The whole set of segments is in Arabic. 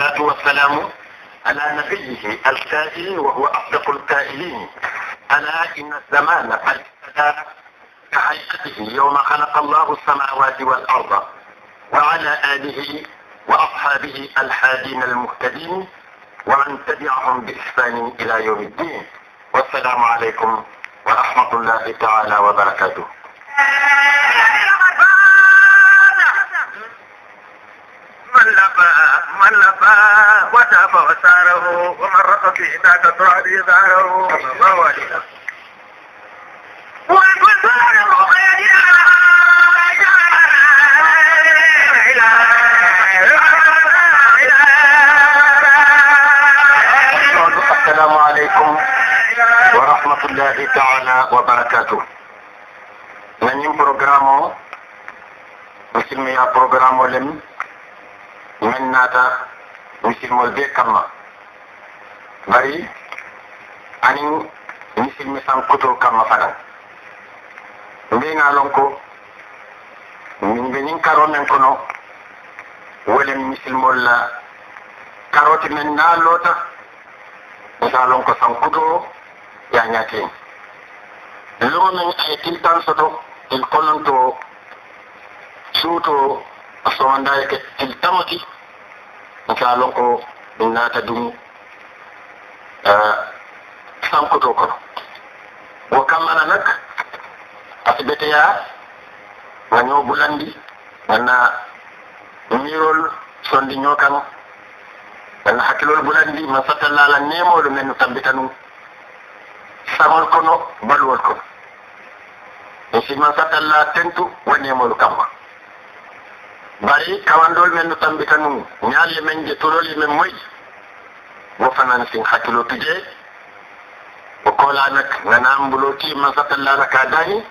الصلاة والسلام على نبيه الكائن وهو أصدق الكائنين ألا إن الزمان قد ابتدى كهيئته يوم خلق الله السماوات والأرض وعلى آله وأصحابه الحادين المهتدين ومن تبعهم بإحسان إلى يوم الدين والسلام عليكم ورحمة الله تعالى وبركاته من لبى من لبى وتاب وساره ومن رق في ذاك التراب داره صلى الله عليه وسلم السلام عليكم ورحمة الله تعالى وبركاته من يوم برنامج مسلمي برنامج لم min naata misilmol be kamma bari anin misilmi sankuto kamma fanan mbina lonko ɓenin karo men kono wolen misilmol la karoti men naa loota misa lonko sankuto yañaten lomen ay tiltan soto il kolonto suuto a somandaye ke tiltamoti nka a lon ko ɗum naata dum sankoto kono wo kam ana nak asibeteya nga ñoo bulandi ganna miirol sondi ñoo kan ganna hakkilol bulandi man sattallala nemoɗo men no tambita num saŋol kono baluwol kono mi si man sattalla tentu wa nemolu kamma bari kawandol men no tambita nun ñaalle men je toroli e men moƴƴi wo fanan sin hakkilo pije o kolanak nanambuloti masatallara ka dani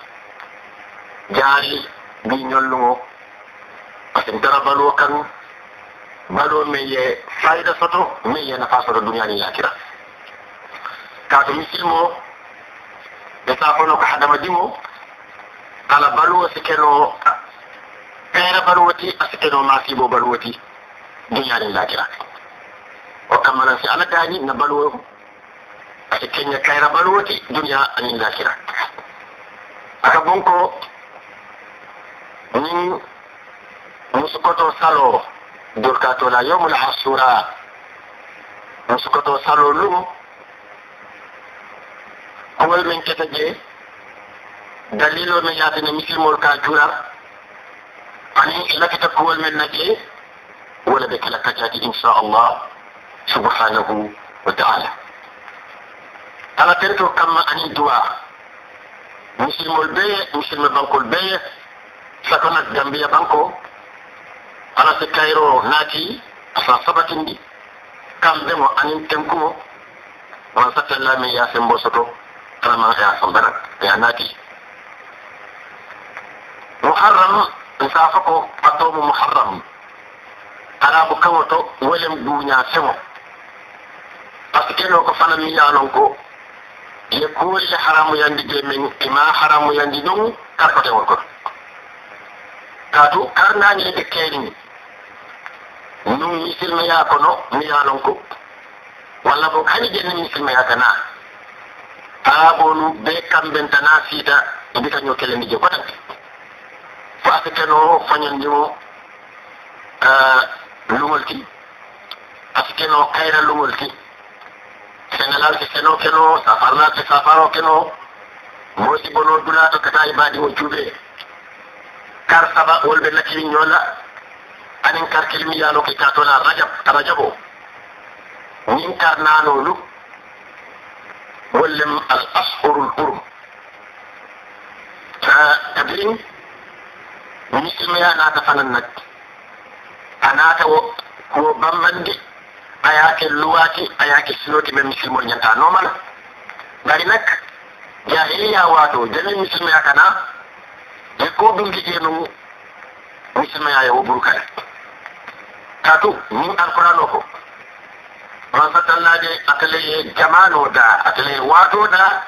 jaali mbi ñollugo par ce que dara baɗo kan baɗo min ye fayida soto min ye nafa soto duniani yakira kaato misilmo e safono ko hadama dimo kala baɗo sikeno خير بلوتي أسئل ما سيبو بلوتي دنيا للآخرة وكمل في على داني نبلوه أتكني خير بلوتي دنيا للآخرة أكبونكو من مسكوتو سالو دركاتو لا يوم العاشوراء مسكوتو سالو لوم أول من كتجي دليل من يأتي مسلم الكاجورة صحيح المكتب هو المنكي إيه؟ ولا بتلكتاتي إن شاء الله سبحانه وتعالى انا تركه كما أن الدعاء مش البيع مش المبنك البيع سكنت جنبية بنكو سكايرو si اصلا naati asa كم دمو mo anin tenkumo on من ياسم بوسطو mbosoto alama yasan barat يا naati محرم nsafa ko atomo muharram arabu kawoto welem duña sewo parce que keno fana fana miñanon ko ye kuwolle haramu yandi je min ima haramu yandi ɗon karkotewol kon katu karnañede keerini ɗum misilmaya kono miyanon ko walla bo hani jenni misilmaya kana arabolu be kamɓen tana siita mbitaño kelendije faafitano fañandimo lumol ti askeno kayra lumol ti sénégal ke seno keno safarna ke safaro keno mosi bono dulato kata e baadi o cuuɓe kar saba wolɓe nakili ñoola anin kar kilmi yaalo ke katona rajab rajab o min kar nanolu wollem al ashhurul urum ta tabrin na ta fanan natti a na ta ko bambandi a yaake luwaki, a yaake siloti ɓe misilmol ñanta nomana bari nak jahiliya wato jami ya kana ya ko ɗumdi ƴeenum ya yo woɓuru kare tatu min noko o ko on sattallaade atalaye jamano da atalaye wato da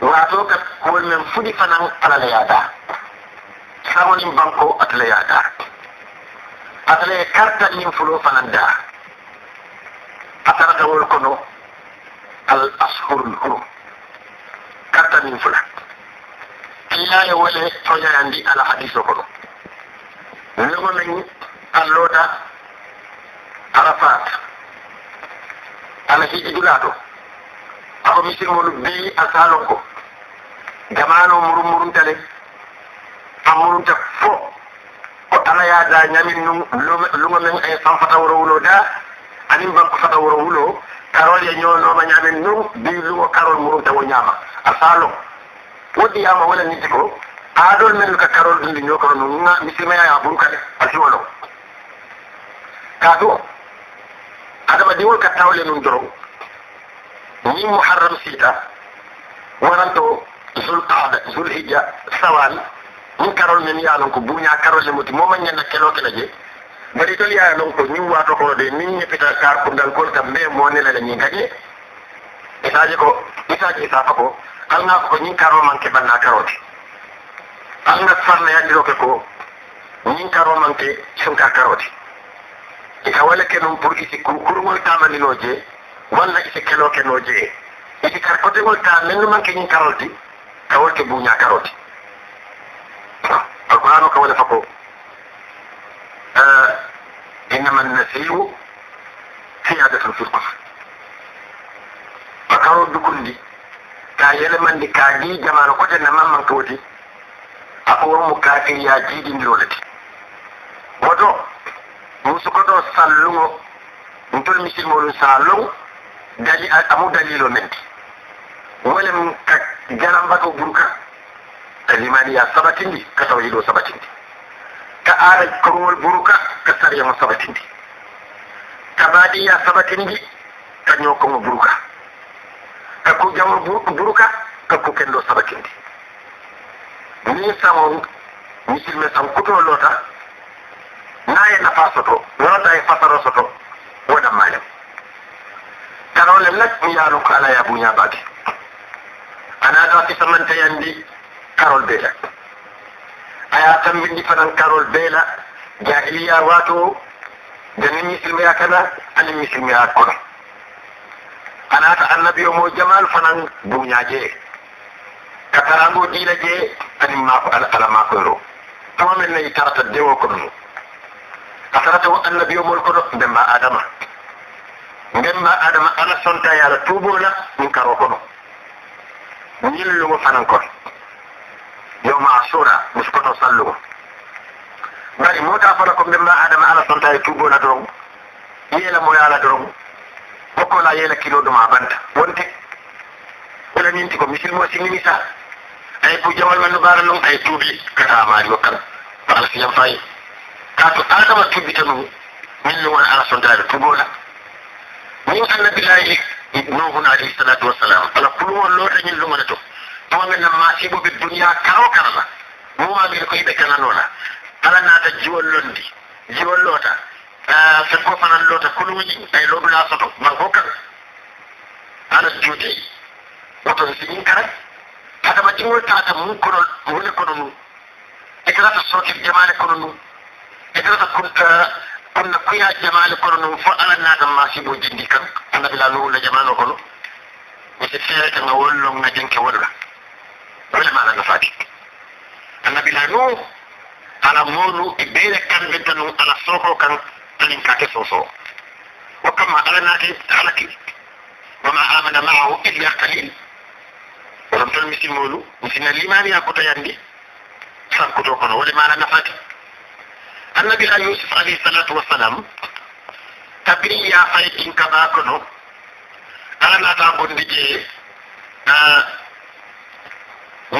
wato ka kowol fudi fana fanan da. sawanin banko atalaya dar atalaya kartal nin fulo fanan da atarata wol kono al ashur lhurum kartal nin fula kiyaye wole toñayandi ala hadise kono nogo men allota arafat ala hiji dulato ako misirmolu bei asalonko jamano murum murumtale amul te fo ko ala ya da nyamin lu lu ngam ay fam fata woro wulo da anim ba ko fata woro wulo karol ya nyolo ma nyamin nu bi lu ko karol muru ta wo nyama asalo ama wala niti ko adol men ka karol dindi nyoko no nga misima ya bun ka asiwolo kadu adama diwol ka tawle nun doro ni muharram sita waranto zul qada sawal ni karol men ya lon ko buña karose moti moma nyanda kelo kela je bari to ya lon ko ni wato ko de min ni pita kar ko dal ko tambe mo ne la ni ngaje itaje ko itaje ta fa ko kalna ko ni karo man ke banna karoti kalna farna ya diro ke ko ni karo man ke sunka karoti e kawale ke non pour ici ko kurmol tamani no je walla ite kelo ke no je ite kar ko de gol ta men man ke ni karoti kawol ke buña karoti alqouranu ko wala fako innama nasiu siyadatan filkof makaro dukundi ka yelemandi ka ji jamano kojenna mammankawoti ako wormo kakiriya jiiɗindirolati woto musukoto sallugo ntol misilmolum sallugo dali amu dalilo menti walem ka jarambato burka kalimaniya sabatindi ka tawhido sabatindi ka aara korowol buruka ka sariya mo sabatindi ka baɗiya sabatindi ka ñokomo buruka ka ku jamol buruka ka ku kenɗo sabatindi ni samo misilme sam kuto loota naye nafa soto wonata e fasaro soto woɗan malem kanolem nak mi yaano ko ala yabuñabake anata fisamantayandi karol be la aya tambindi fanan karol be la jahiliya wato ganin misilmiya kana alin misilmiya kono anata annabiyo mo jamal fanan duñaje katarango diila je anin mako ala makoyro tama men nayi tarata dewo kono no a tarata wo annabiyo mol kono ndemba adama ndemba adama ala sonta yaala tuubola min karo kono ñillumo fanan kono yowma asura miskoto sallugo bari mota fala ko mbemba adama ala sonta e tuubona doron yeela mo yaala doron bokkola yeela kilo ɗuma banta wonde elaninti ko misil mo sinimi sa ay pu jawal mannu bara non ay tuubi kata maari o kam ala siyam fayi kato adama tuubi tanu min no wona ala sontare tuubona min annabillahi nohuna alayhi salatu wassalam ala kulumo lootañin lumana to momin masibo ɓe duniya karo karala momamin ko yiɓe kananola ala naata jiwol londi jiwol loota sakko fanan loota kuluji ay lobula soto manko kan ala juuteyi oton siñin kara hadama jiwol tata mum konol wone kono mum e karata sokir jamale kono mum e karata kunta kunna kuya jamale kono mum fo ala naata masibo jindi kan annabila nuwulla jamano kono mi si feere kanga wollonga jenke wolla ولا معنى النفاجك أنا بلا نوح على مولو إبيرة كان بدنو على السوق وكان ألين كاكي سوسو وكما ألنا على إيه؟ وما آمن معه إلا قليل ولم تلمسي مولو مسنا الإيمان يا كتا يندي سانكتو كنو ولا معنى النفاجك النبي يوسف عليه الصلاة والسلام tabiri ya fay in kaba kono ala nata bondi je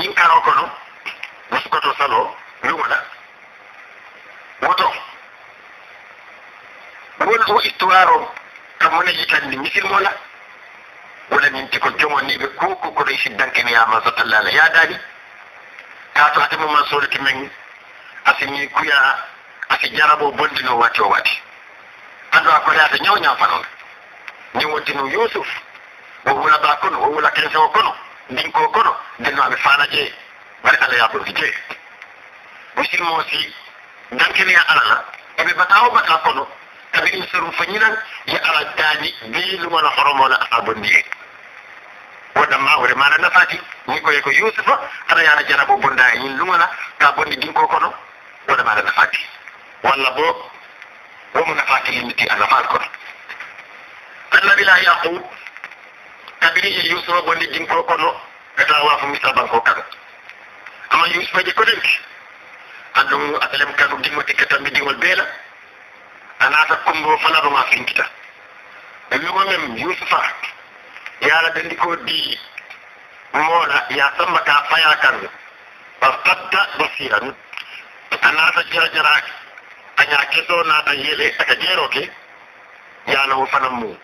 ñin karo kono muskoto salo lumala woto won o histoire o kamone yitandi misilmola wala min ti ko jomoniɓe koko koɗo siddankene yama sotalla ala yadani tato atemo mansolete men asini kuya asi jarabo bondino wati o wati ando a koreata ñawñafanoon ni wontino yusuf o wula ba kono o wula kono ndinko kono ndennoɓe faala ƴee mbaɗa allah yaɓoki jee musidmo si dankene ya alala eɓe batawo bata kono kaɓe ɗum sorum fañinan yo ala daani beelumona horomona ala bonndi en wodanma wore mana nafati ni koye ko yusufa aɗa yaala jarabo bonda e ñin lumona ka bonɗi ɗinko kono woda maɗa nafati walla bo womo nafati limiti a nafal kono annabilah yaqub ye kabiri yusro jin ko kono kata wafu misra banko kan amma yusuf je ko denki adum atalem kanu dingoti kata mi diwol bela anata kumbo fana ma finkita e mi ko mem yusufa yala dendi ko di mona ya samba ka faya kan ba fatta basiran anata jara jara anya keso na ta yele aka jero ke yala wo fana mu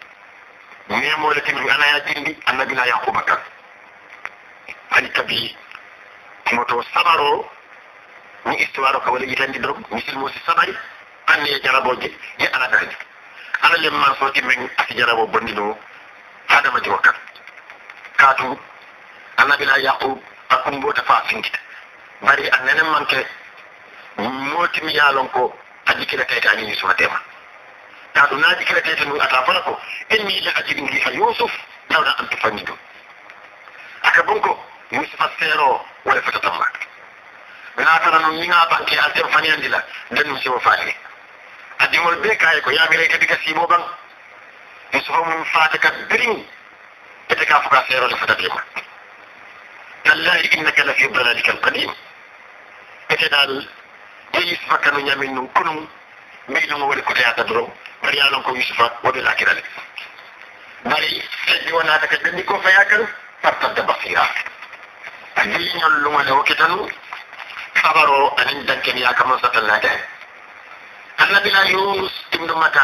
nemole ti min anayatindi annabila yakuba kan hani kabi moto sabaro ni istiwaro e ka wala yitandi dog misilmosi sabari anne e jaraboje e aladaaji ala so soki min ati jarabo bondiɗo hadamaji o kan kaatu annabila yakub akkumbota fa singita bari annenen manke motimi yaalon ko a jikkila kaytaani ni tema. تعالوا نادي كده جيت من اطرافكم اني لا اجد لي يوسف دون ان تفهموا اكبنكو يوسف استيرو ولا فتطمع من اخر ان مين ابكي اثر فني عندي لا دن مش وفاني ادي مول بيك هاي كو يا ميري كده سيمو بان يوسف من فاتك برين تتكا فوق استيرو لفتطمع تلاقي انك لفي ضلالك القديم كتدال يوسف كانوا يامنون كنون ميلون ولي كتاتا برو bari alon ko yusufa wabe lakirale bari heddi wonata ka ɓenndi ko faya kan fartadde basira adi ñollumale o kitanu sabaro anin dankeniya kamo satannade annabila yunus ibnu mata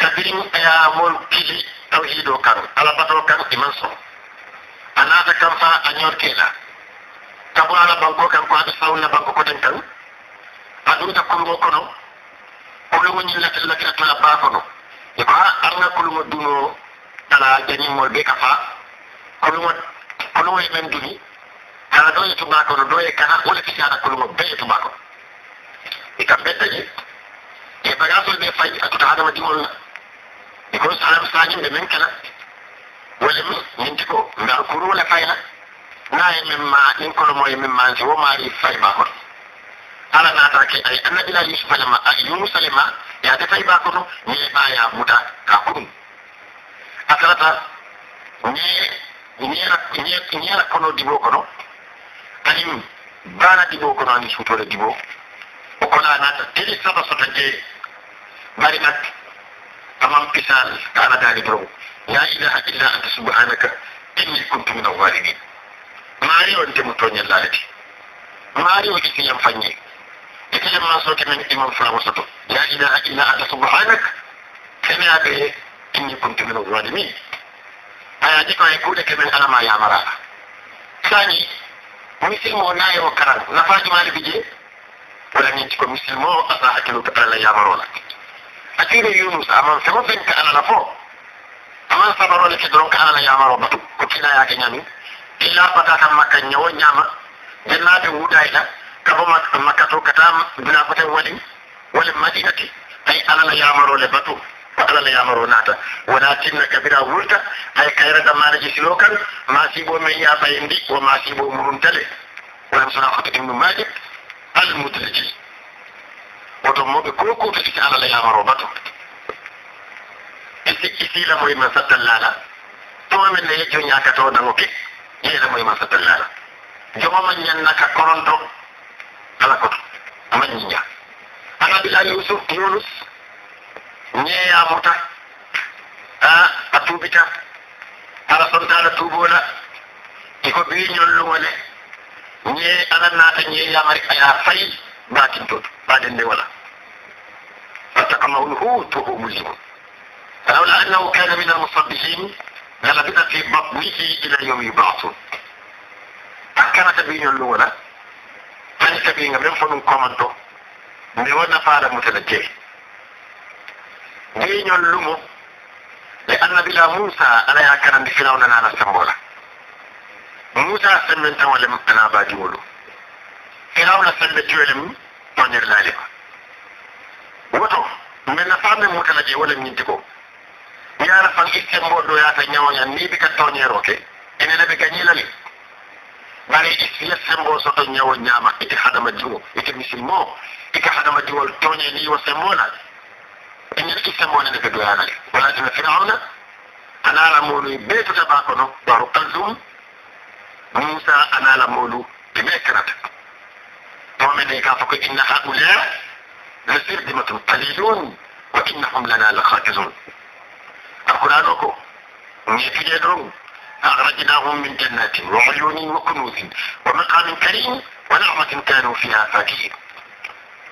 kabirin ayamol kili tawhido kan alabato kan iman so anata kan fa a ñorkela kabo ala banko kan ko aɗa sawna banko koten kan aɗum ta kongo kono kulugo ñillata lakira tala baafono e ko ha arna kulugo duno ala jañimmol ɓe ka fa kulugo kulugo e men duni haa ɗo e tubakono ɗo e kana wole fisaata kulugo be e tubakono e kam ɓe taƴi e bagasol ɓe fay a tuta hadama dimol na e ko sa sañimɓe men kana wole mi minti ko ngal kuru wole fayna na e men ma ɗin kolomo e min ma si wo maari fay bakono ay ay annabila yusuf alama yunus alama ya ta tayba kono ni baya muta ka kun akarata ni ni ni ni no dibo no, ani bana dibo kono ani le dibo o kono na ta tele saba sota je bari mak amam pisal kana dari pro. Ya ilaha illa anta subhanaka inni kuntu min al-zalimin mari on te mutonya lati mari o kisi yam fanye يجب ما سلك من إمام فاوسته لا إله إلا أنت سبحانك كما به إني كنت من الظالمين أياديك ويقول لك من ألم يا مرارة ثاني مسلمو لا يوكرن نفاج ما لبجي ولم يتكو مسلمو أصاحك لك يا مرارة أتيري يونس أمام سمو فنك أنا لفو aman sabaro le kedron ka ala yamaro batu ko kila ya kenyami illa pata kam makka nyawo nyama janna be wuda ila كهما مكة كتام بنا فتن ولي وللمدينة أي أنا لا يامرو لبتو ala la yamaro nata wona tinna kabira wurta hay kayra damanaji silo kan masibo men yaɓayindi wo masibo muɗum tale wonam sonakota ibnu majid almudliji woto moɓe ko koto siki ala la yamaro bato isi isila moye man sattallala tomamen ne yejjo ñakatoɗango ke yeela moye man sattallala jomaman ñannaka koronto alakoto amannya annabillahi yusuf yunus ñeeyamuta a a tuubita ala sontaala tuubola iko bii ñollugole ñee ala naata ñeeyamari aya fay baatintoto baaden nde wala فاتقمه الهوت وهو مليم فلولا انه كان من المصبحين للبث في بطنه الى يوم يبعثون أكرت بين اللغة dinga min fonum komanto nde wona faala mutala jee jeeñol lumo e annabila moussa ala ya karandi firawna naala sembola moussa semben tan wale anabaji wolu firawna sembe tiwele mum toñirlalima woto min nafamen mutala jee wala ñinti ko yara fan issembol ɗo yata ñawoñan ni ɓe ka toñeroke ene leɓe gañilali bare i sila sembo soto ñawo ñama ite hadama juwo ite misilmo ika hadama juwol toñe ni wo semmonal eñen i sembone ndeke doyanale walatina firauna anala molu be tuta bakono baro kalsum musa anala molu e be karata momene ka foko inna haula la sirdimatun qalilun wa innahum lana la khatizun alquran o ko ñetuje ɗon أخرجناهم من جنات وعيون وكنوز ومقام كريم ونعمة كانوا فيها فاكهين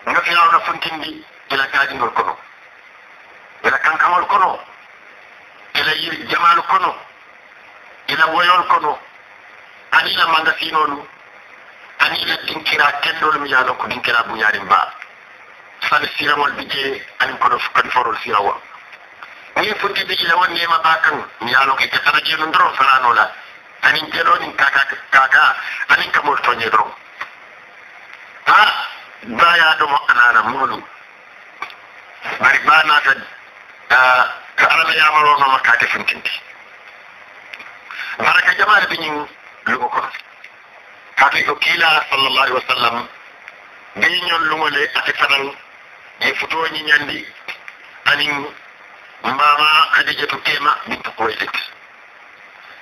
نفعنا فنتندي إلى كادن الكنو إلى كنكم الكنو إلى جمال الكنو إلى ويو الكنو أني لما نسينون أني إلى تنكرا تندول ميالو كنكرا بنيارين با سالسيرا مول بيجي أني كنو فكن فرول سيرا وام ni futti bi la wonne ma bakan ni alo ke tara je non dro farano la ani jelo ni kaka kaka ani kamol to ni dro ha ba ya do mo anana mulu bari ba na ta ta ala ya maro no makka ke fintinti baraka jama'a bi ni lugo ko kati ko kila sallallahu alaihi wasallam bi ñol lumale ati fanal ni futo ni ñandi ani mama khadijatu tema bintu kuwailik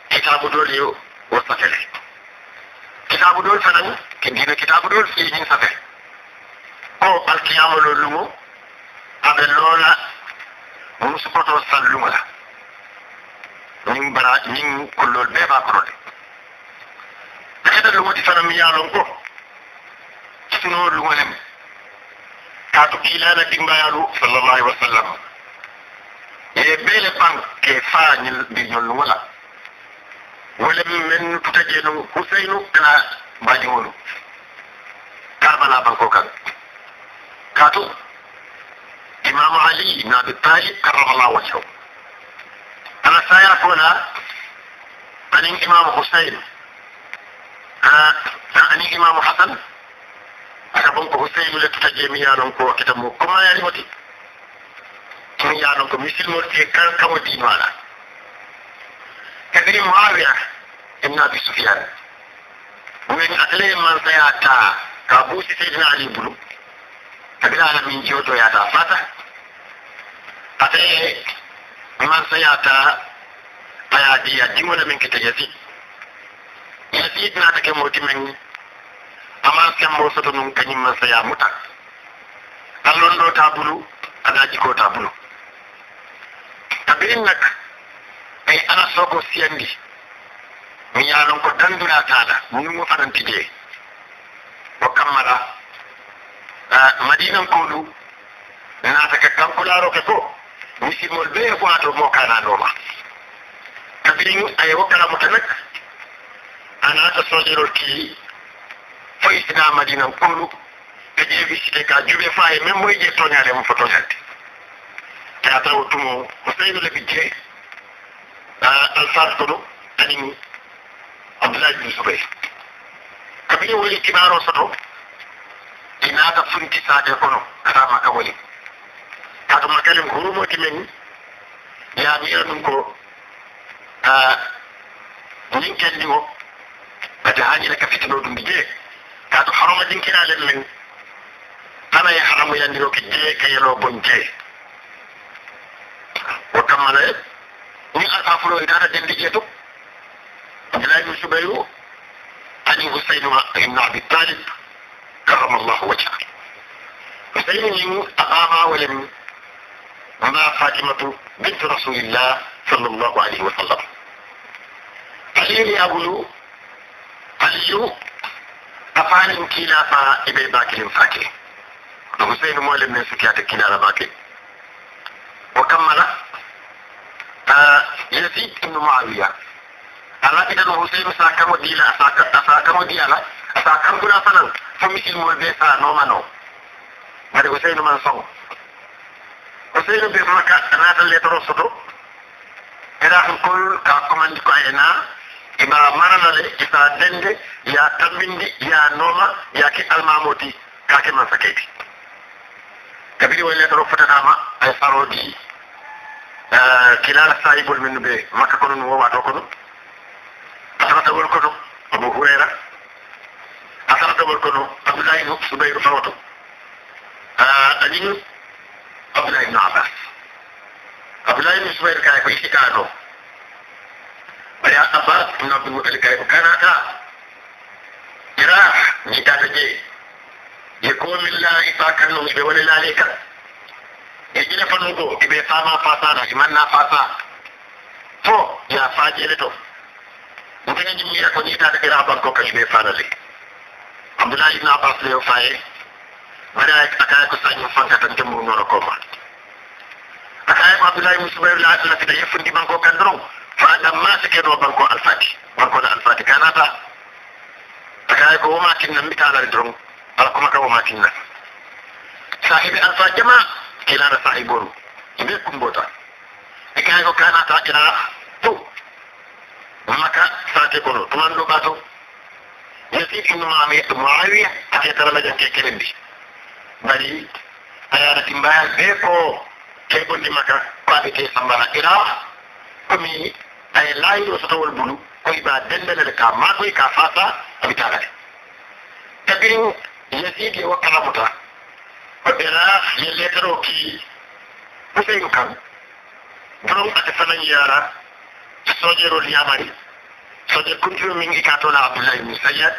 kitabu dol yo wo safele kitabu dol fanan kendina kitabu dol fi hin safele o alkiyama lo lumo aɓe loola mum sukoto salluma la min bara min kollol ɓe ba korode kede lumoɗi fanan mi yaalon ko sino lumolem kaatu kiilana dimbayalu sallallahu alaihi wa sallam e bele pan ke fañil bi ñol wala wala men tajenu husainu kala baji wonu karbala banko kan katu imam ali ibn abi talib karramallahu wajhahu ana saya kona anin imam husain ha anin imam hasan aka banko husainu le tutaje mi yanon ko kitam ko ma yani wati ያለው ሙስሊሞች የከርከሙ ዲኑ አላት። ከዚህ ሙአዊያ እና አቢ ሱፊያን ወይን አትለ የማንሰያታ ካቡሲ ሰይድና አሊ ብሉ ተግላለ ምንጂወቶ ያዳፋታ አቴ ማንሰያታ አያዲያ ዲሞነ ምንክተ የሲድ የሲድ ናተከ ሞቲመኝ amas kan bosoto nun kanyim masaya muta allon do tabulu adaji ko tabulu sabin nak ay ana soko siyandi mi yaalon ko danduna taala numo faranti jee o du na naata ka kankularoke ko mol be ato mo kananoma kabirin aye wokkalamu tanak anata sojerol kii fo sina madinan koɗu e ƴeewi site ka jube fa e men moye je toñale mo fo toñalde kata wotumo musayinu le bijje alfar kono anin abdoulahi bin soubay kabini woli kibaro soto inata funti sade kono katama ka woli katuma kalim hurumoti men yamira ɗum ko min kelli o ade hañina ka fitino ɗum bijee kato haroma ɗinkinalen men hana e haramu yandiro ke jee ka yelo bon jee noon ɗum alfafulo e dara demde ƴeeto elajum subayru ani husaynuma ibnu abi talib karrama llahu wajha husaynu nin aqama walem ma fatimatu bint rasulillah sall llahu alayhi wa sallam aliri abulu aliyu afanin kila fa ibe bakilin fake husaynu molem nen sukiyata kilala bake wa kammala آه، يزيد بن معاوية ألا إذا الحسين أساكم وديلا أساكم وديلا أساكم كنا فنان فمثل مولدسا نوما نو مدي حسين من صو حسين بفرك أنا تلترو صدو إذا كل كاكمان كاينا إما مرنالي إذا دندي يا تبندي يا نوما يا كي الماموتي كاكي من سكيتي كبيري ويلترو فتناما أي فارودي kilala sahibol min no ɓe makka ko ɗum wowato ko ɗum asarata wol ko ɗum abu hurayra asarata wol ko ɗum abdoulah ibnu subayru fawato añin abdoulah ibnu abbas abdoulah ibnu subayru kaye ko itti kaa ɗo ɓaya abbas ibnu abdulmuɗali kaye ko kanata ira ñitata jeeyi je komin laayi fa kannum ɓe woni laali kan e jele fanu ɗo eɓe fama fasana e manna fasa fo ya fa jele to ndega jimmira ko ñitade ira banko kañum ɓe fanale abdoulahi ibne abbas leyo faye waɗa akaya ko sañum fanka tan jamburu noro koma akaya ko abdoulahi ibne soubayr laasina sina yeffundi banko kan doron fa ɗam masikeɗo banko alfati bankole alfati kanata akaya ko womatinnan mbita alari doron ala kuma ka womatinnan sahibi alfa jama kina da sai boru me kun bota e kana ko kana ta kana to maka sake kono kuma do ka to ya ti kun ma me mawiya ta ta tarama bari aya timba be ko ke maka ba bi sambara kira kuma ay lai do sa bulu ko iba ka ma ka fata ke ɓera ye letaro ki useyu kan doron ate fanan yara sojerol yamari soje kuntiyo min ikatola abdoulahi ibni sayad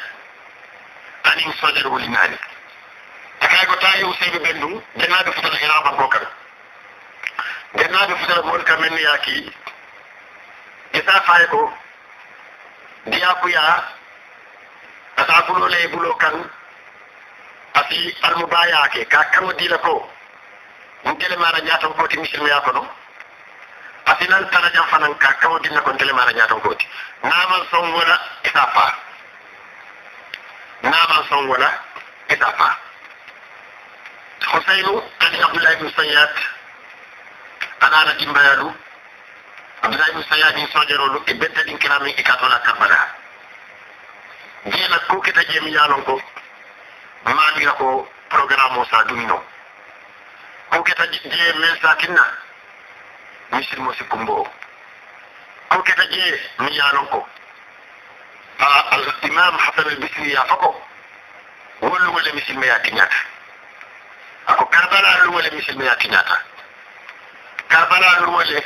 anin sojer woli naani akay ko tawi useyɓe ɓen ɗum dennaɓe futala hirabanko kan dennaɓe futala mool kam men yaaki gesa faye ko ndiyakuya ata bulole e bulo kan afi almubaya ke ka kamo dila ko mun tele mara nyaato ko ti misil ya ko no afi nan tara jam fanan ka kamo dina ko tele mara nyaato ko ti namal son wala ita fa namal son wala ita fa حسين عن عبد الله بن سياد أنا أنا جمبيالو عبد الله بن سياد سوجرولو إبنت دين كلامي إكاتولا كبرها جينا كوكتا جيمي يالونكو maadi ko programme sa dumino ko keta je men sa kinna misir mo si kumbo ko keta je mi yanon ko a al imam hasan al bisri ya fako wolu wala misir me yakinyata ako karbala lu wala mi me yakinyata karbala lu wala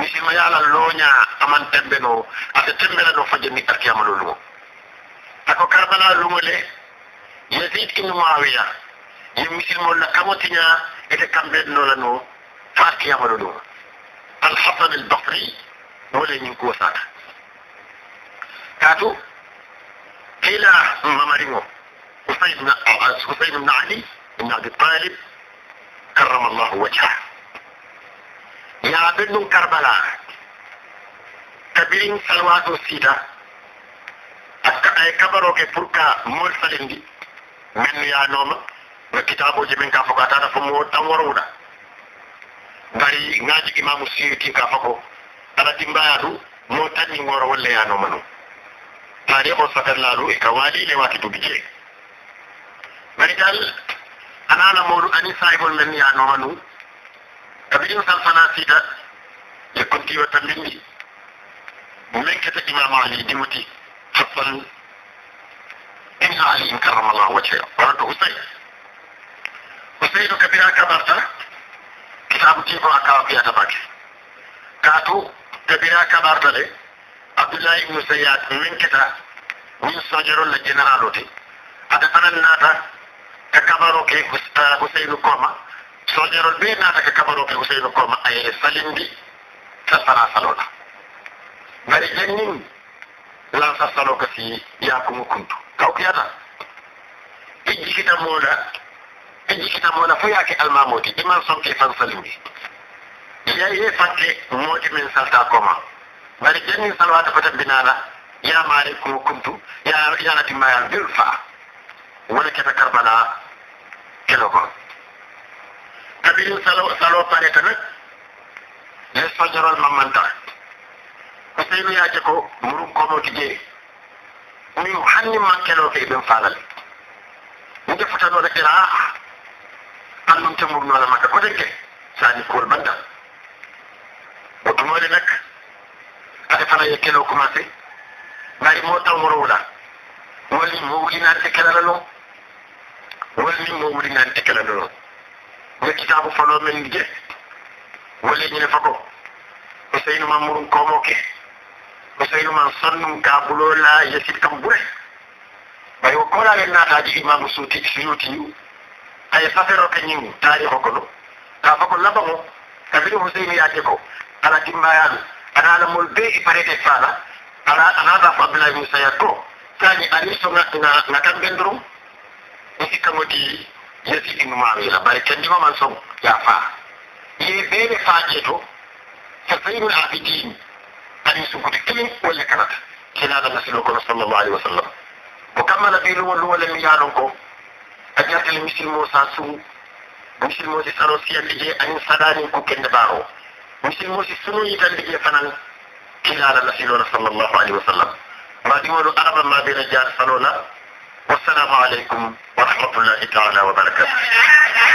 misir me yala loña aman tembe no ate tembe no faje mi takiyama lolu ako karbala lu wala يزيد بن معاويه يمثل مولى قمتنا الى كامبيد نولانو فاكي امرودو الحسن البصري ولا ينكو ساكا كاتو كيلا مماريمو حسين بن حسين علي بن عبد الطالب كرم الله وجهه يا بن كربلاء تبين سلوات السيدة أكبروك بركة مرسل دي min ya noma kitabo je min kafa kata da fumo dan tan worowɗa bari ngaji imamu kin kafa ko ala ya du mo tanni ngoro walla ya noma no taari o du e kawali waali le wati to jee bari dal anana mawɗu ani saibol men ya noma nu kabi ɗin fana sita e kunti wa min ɗi min kete imam ali dimuti happan ابن علي كرم الله وجهه ولد حسين حسين كبيرا كبرتا كتاب تيبو أكاو بياتا باكي كاتو كبيرا كبرتا لي عبد الله بن سياد من كتا من سجر الجنرال دي أدفن الناتا ككبرو كي آه، حسين كوما سجر البيت ناتا ككبرو كي حسين كوما أي سلندي تسرا سلونا مريجنين lan sassanoka si yakumu kuntu kawkiyata e jikita mola e jikita mola fo yaake almamoti iman sonke fan saludi yaye fakke moti min salta koma bari jannin salwata fota binana yamare ko kuntu yanatimmaya vilfa wona keta karbala kelo kon kabirin salo pare tana les fajorol mamantara useynu yaake ko muru komoti jee min hanni makkelo ke eɓen falale nde futanoɗe kela annum te murnoɗe makka kotenke sani kuwol banda ko tumole nak ade fana ye kelo commencé bari mo taw mo rowla wolni mo wulinante kelala ɗon wolni mo wulinante kelala ɗon no kitabu falo men je woleñine fako useynu mamurum komoke musaylima sonnum ka bulola yesid kam ɓure ɓay o kolale nataji imamu suuti suyuti aye safero ke ñing taari hokko ɗo ka fako labamo kabiri huseyni yaade ko ala timmayaɗo ana alamol be i parete faala ala anata fo abdoulahi musaya to kañi ani so na kamɓen dorom mi sikkamoti yesi innuma wila bare kendima man som ya faa ye ɓeɓe faaƴe to fa saynul abidine ani sukuti kiliŋ walla kanata kilaala misilo kono sallallahu alaihi wasallam o kammala biiluwollu walla mi yaalon ko a jardele misilmo sa suu misilmo si salo siyandi je anin sadanin ko kende baa o misilmo si sunu yitandi je fanan kilaala masilola sallallahu alaihi wasallam madiŋolu araba mabira jaar salola wassalamu aleykum wa rahmatullahi taala wa barakatuh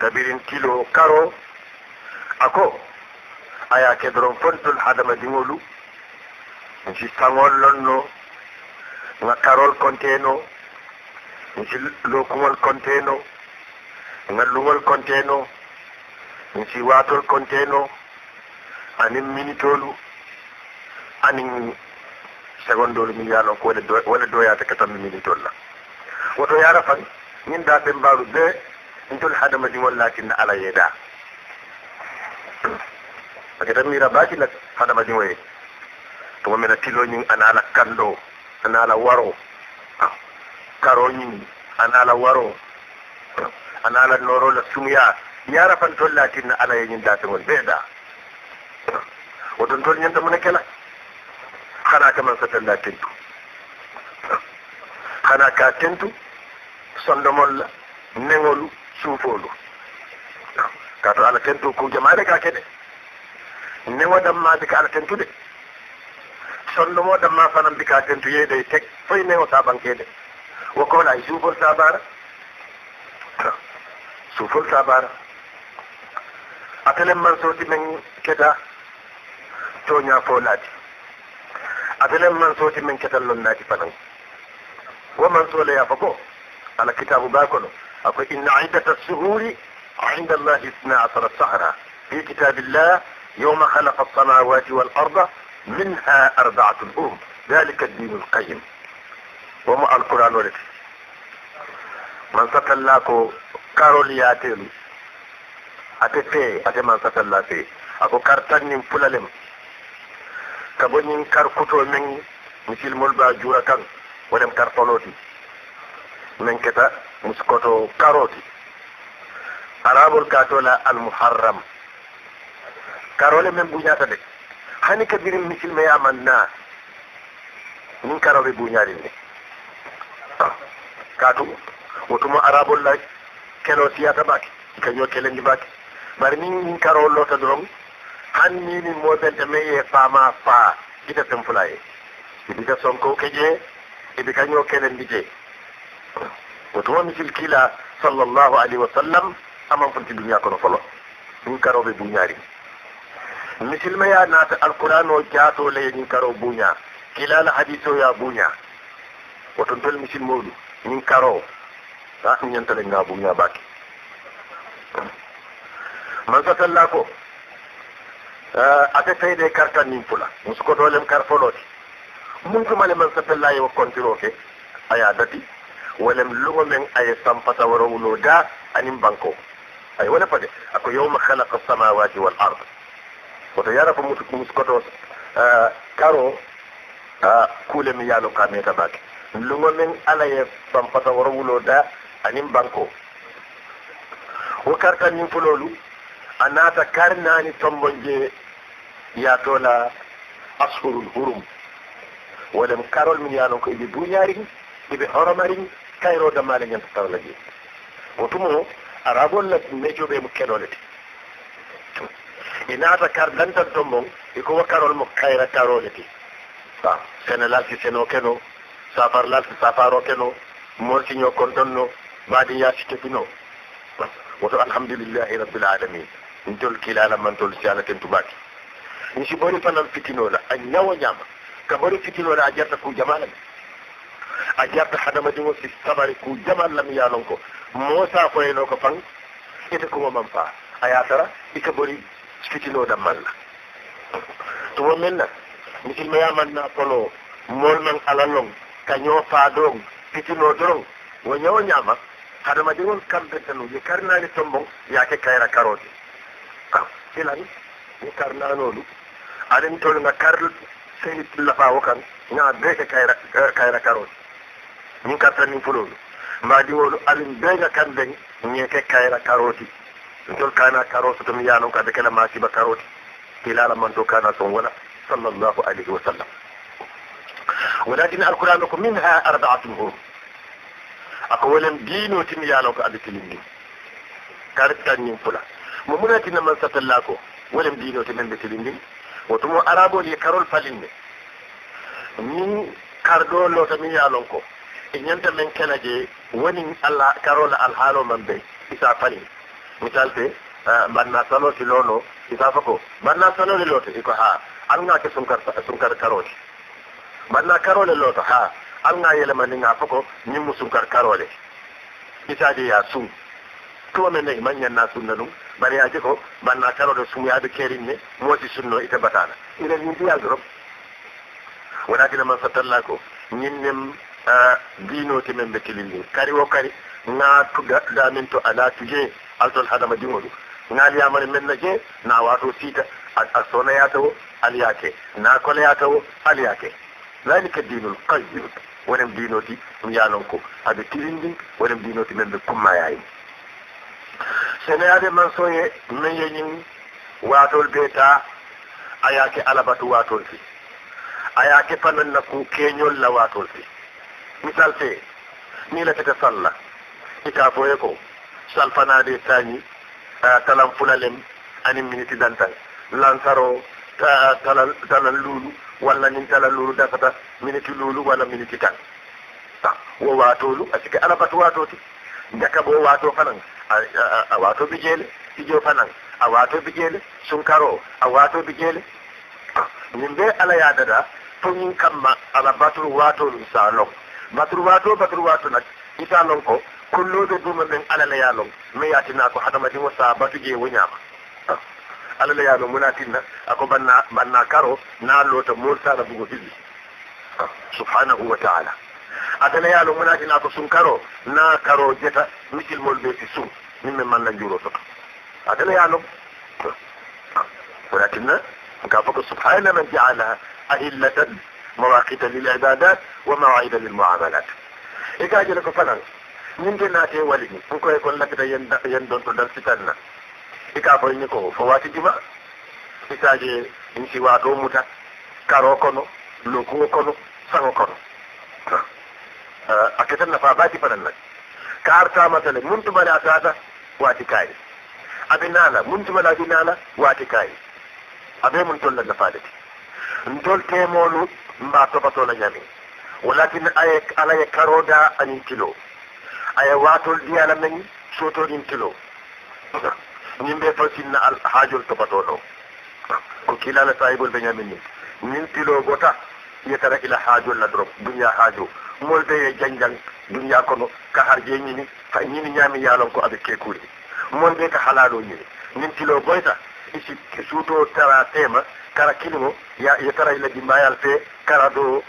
tabirin kilo karo ako aya kedron fontol hadama diŋolu nsi saŋollonno ŋa karol konteno nsi lokuŋol konteno ŋa luŋol konteno nsi watol konteno anin minitolu anin segondolu mi yalon ko wala doyata katammi minitol la woto yara fan ñin da ɓe mbaru be ntol hadamadi wol latinna ala yeeda sake tan mira baatila hadamadi oye tomo mena tiloñin anala kando anala waro karoñin anala waro anala norola sumuya yara fan tol latinna ala yeñin datagol ɓeeɗa woton tol ñanta mune kela xana kaman satalla tentu xana ka tentu sondomol la neŋolu suufolu kato ala tentu kuje maare ka kede newa de ka ala tentude sonnomo ma fanan mbi ka tentu yeyde ne foy newo kede woko wona e suufol sabara suufol sabara atelem man sooti men keda nya fo laati atelen man sooti men ketal lon naati fanan so le ya fako ala kitabu ko no فإن عدة iddata عند الله اثنا عشر شهرا في كتاب الله يوم خلق السماوات والأرض منها أربعة أم ذلك الدين القيم وما القرآن ورد من ستلاكو كارولياتين أتتي أتي من ستلاتي أكو كارتن فلالم كبنين كاركوتو من مثل ملبا جورا ولم كارتولوتي من كتا muskoto karoti arabol katola almuharram karole men buñata de hani kabirin misilme yaman na min karoɓe buñaɗin ni katu wotumo arabol la kelo siyata bake kaño kelendi bake bari min min karol lota doron hannini moɓente men ye faama faa gita pen fula ye ibika sonko keje ibika ño kelendi je وتوني في الكلى صلى الله عليه وسلم اما في الدنيا كنا فلا من كرو في الدنيا ري مثل ما يانا القران وجاتو لي آه، من كرو بنيا كلا الحديث يا بنيا وتنتل مثل مولد من كرو لكن ينتل نا بنيا باقي من صلى الله كو ا اتي دي كارتان نيم فلا مسكو دولم كار فلوتي من كمال من صلى الله وكنتروكي ايا دتي ولم لغة من أي سنفة ورونو دا أنم بانكو أي ولا فدي أكو يوم خلق السماوات والأرض وتيارف مسكوتو آه كارو آه كول ميالو قاميتا تباك لغة من أي سنفة ورونو دا أنم بانكو وكارتا من فلولو أناتا كارناني تنبنجي ياتولا أشهر الهرم ولم كارول من يالو كيدي دنياري ibe horomarin kayro da mala nyanta tawla ji wotumo arabo la mejo be mu kenole ti ina ta kar dan tan tombo iko wakarol mo kayra karole ti sa senegal ci seno keno safar la safaro keno morti ñoo kontonno baadi ya ci tebino woto alhamdulillahi rabbil alamin ntol kilala man tol siala ken tubaki ni si bori fanam fitinola a ñawo ñama ka bori fitinola a jarta ku jamala a jarta hadamadiŋo si sabari ku jamal lam ye lon ko moo saa koyeno ko fang ite ko man faa a tara i ka bori fitinoo damman la to wo meŋ na misilmaya maŋ na foloo moolu maŋ ala loŋ ka ñoo faa ci fitinoo doroŋ wo ñawo ñaama kam kampe tanu ye karinaani tomboŋ ye a ke lan eh, karoo ti ilan ye karinaanoolu aniŋ tolu ŋa kar sehit lafa wo kaŋ ŋa a bee ke kayira karoo ti ñiŋ karta niŋ fuloolu maadiŋolu aduŋ bee ka kaŋ beŋ ñiŋ ke kayira karooti ntolu kana karooto to mi ye a loŋ ko a be ke la maasiba karooti kiila la manto kana soŋ wala sallallahu alayhi wa sallam walakin alqur'anu ko minha arba'atun hum ako wolen diino tin yaalon ko aɓe tilindi karit kannin fula mo munatina man satalla ko wolen diino tin en ɓe tilindi wotumo arabol ye karol falinde min karɗo loota min yaalon ko yanta men kana je wani allah karola alhalo man be isa fani misal te na salo lono isa fako man na salo le lote iko ha nga ke sunkar sunkar karole na karole loto ha man yelemaniga fako ko mu sunkar karole isaje ya sun to men nayi man ñanna sunna ɗum bariyaji ko banna karole ne mo ti sunno ita batana n'i ñin mbiya wana wonakina man fattalla ko ñinnem diinote men ɓe kililɗin kari o kari da min to ala tuje altol hadama diŋolu ŋaaliyamani men na je wato sita a na o ya to o ke zalika dinul qayyim wonen diinoti ɗum yanon ko aɓe tilindin wonen diinoti men yayi. kummayayi de man soye min yeñin wato be ta a yake alabatu wato ti a yake panan na ku kenyol la watol fi misal te ni la kete salla ika fo e ko salfanade tañi talan fulalem ani miniti dantan lansaro talan luulu walla nin talan luulu dafata miniti luulu walla miniti tan wo watolu asike alabatu watoti jaka bo wato fanan a wato bijele ijo fanan a wato bijele sunkaro a wato bijele min be ala yadada to min kamma alabatulu watolu sa lon baturuwato baturuwato nak ita lon ko kulluɗo duma men alala ya lon mi yatina ko hadamadi wo sa batuje wo ñama alala ya lon muna tinna ako banna banna karo na lota moltala bugo hilli subhanahu wa taala adana ya lon muna tinna ko sun karo na karo jeta misilmol ɓe si sum min min manna juuro toto adana ya lon walakinna ka foko subhana man jaala ahillatan مواقيت للعبادات ومواعيد للمعاملات إيكاجي لكو فنان نينجي ناتي ولي وليني نكو يكون لك دا يندون تدل ستنا إيكا فاي نيكو فواتي جمع إيكاجي نسي واتو موتا كارو كونو لو كو كونو سانو كونو ا آه، اكيتنا فاباتي فنان لك كارتا مثلا منتما لأساسا واتي كاي ابي نانا أبنانا منتما نانا واتي كاي أبي لا فادتي نتول تيمولو mba topato la ñami walakin aye alaye karoda anin tilo aye watol diyala men sotoɗin tilo ñin ɓe falsinna al haajol topato ɗo ko kilala sahibol ɓe ñamin ni nin tilo gota yetara ila haajol la drop duniya haajo molɓe ye janjang duniya kono ka harje ñini fa ñini ñami yalon ko aɓe kekuri mon ɓe ka halaɗo ñini nin tilo goyta suuto tara tema kara kilimo ya yetara ila dimbayal fe kara do